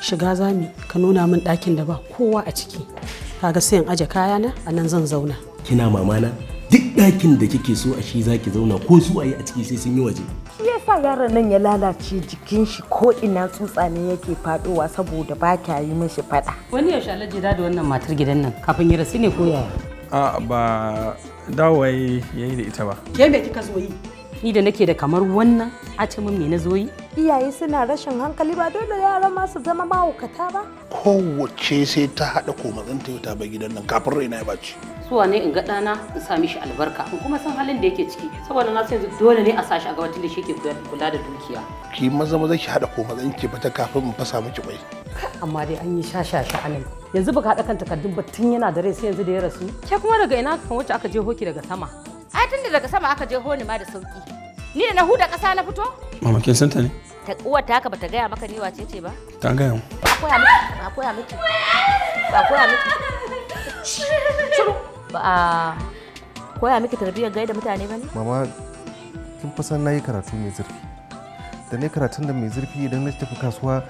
shiga zami ka nuna min ɗakin da ba kowa a ciki kaga sai in aje kayana a nan zan zauna kina mamana duk ɗakin da kike so a shi zaki zauna ko su a yi a ciki sai sun yi waje shi yasa yaron nan ya lalace jikin shi ko ina tsutsa ne yake faɗowa saboda ba kya yi mishi faɗa wani yaushe alhaji da da wannan matar gidan nan kafin ya rasu ne ko ya a ba dawaye yayi da ita ba ke me kika zo yi ni da nake da kamar wannan a ce min me na zo yi iyaye suna rashin hankali ba dole yara ma su zama mawukata ba kowace sai ta haɗa komatsin ta ba gidan nan kafin raina ya baci suwa ne in ga ɗana in sami shi albarka in kuma san halin da yake ciki saboda na yanzu dole ne a sashi a gabatar da shi ke kula da dukiya ki maza maza ki haɗa komatsin ki bata kafin in fasa miki kwai amma dai an yi shashasha anan yanzu baka haɗa kan takardun ba tun yana da rai sai yanzu da ya rasu ke kuma daga ina kan wacce aka je hoki daga sama ai tun daga sama aka je honi ma da sauki Ni na huda ƙasa na fito? Mama kin santa ne? Ta uwar ta haka bata gaya maka ni wace ce ba? Ta gaya mu. Ba koya miki, ba koya miki. Ba koya miki. Shiru. Ba koya miki tarbiyyar gaida mutane ba ne? Mama kin fa san nayi karatu mai zurfi. Da ne karatun da mai zurfi idan na tafi kasuwa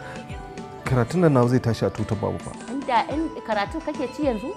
karatun da nawa zai tashi a tutar babu ba. Inda in karatu kake ci yanzu?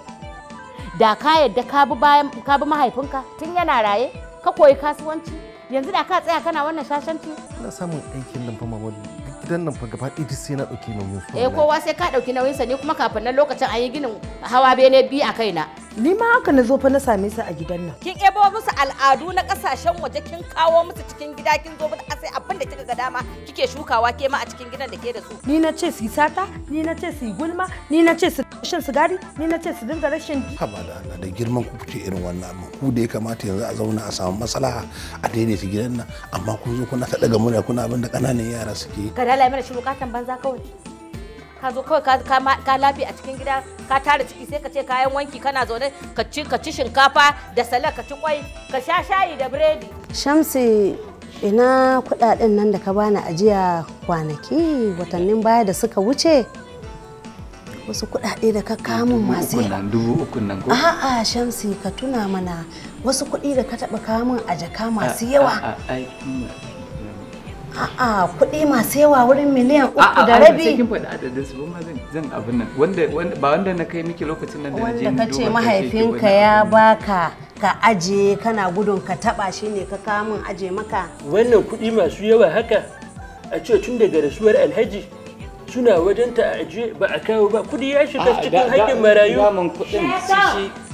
Da ka yadda ka bi bayan ka bi mahaifinka tun yana raye ka koyi kasuwanci yanzu da ka tsaya kana wannan shashanci ina samun aikin nan fa mamadu gidan nan fa gaba ɗaya sai na ɗauki nauyin su eh kowa sai ka ɗauki nauyin sa ne kuma kafin nan lokacin an yi ginin hawa bene biyu a kaina ni ma haka na zo fa na same su a gidan nan kin ebo musu al'adu na kasashen waje kin kawo musu cikin gida kin zo a sai abin da kika ga dama kike shukawa ke ma a cikin gidan da ke da su ni na ce su sata ni na ce su gulma ni na ce su shan sigari ni na ce su dinga rashin haba da Allah da girman ku irin wannan amma ku da ya kamata yanzu a zauna a samu maslaha a daidaita gidan nan amma kun zo kuna ta daga murya kuna abin da kananan yara suke ka dalai mana shi bukatan banza kawai ka zo kawai ka lafi a cikin gida ka tara ciki sai ka ce kayan wanki kana zaune ka ci shinkafa da salak ka ci kwai ka sha shayi da biredi shamsi ina kudaden nan da ka bani ajiya kwanaki watannin baya da suka wuce wasu kudade da ka kamun masu a'a shamsi ka tuna mana wasu kudi da ka taba kamun a jaka masu yawa A'a kuɗi masu yawa wurin miliyan uku da rabi. A'a su ma zan abin nan wanda ba wanda na kai miki lokacin nan da na je Wanda mahaifinka ya baka ka aje kana gudun ka taba shi ne ka kawo min aje maka. Wannan kuɗi masu yawa haka a ce tun daga rasuwar Alhaji suna wajen ta aje ba a kawo ba kuɗi ya shiga cikin haƙƙin marayu. Daman kuɗin shi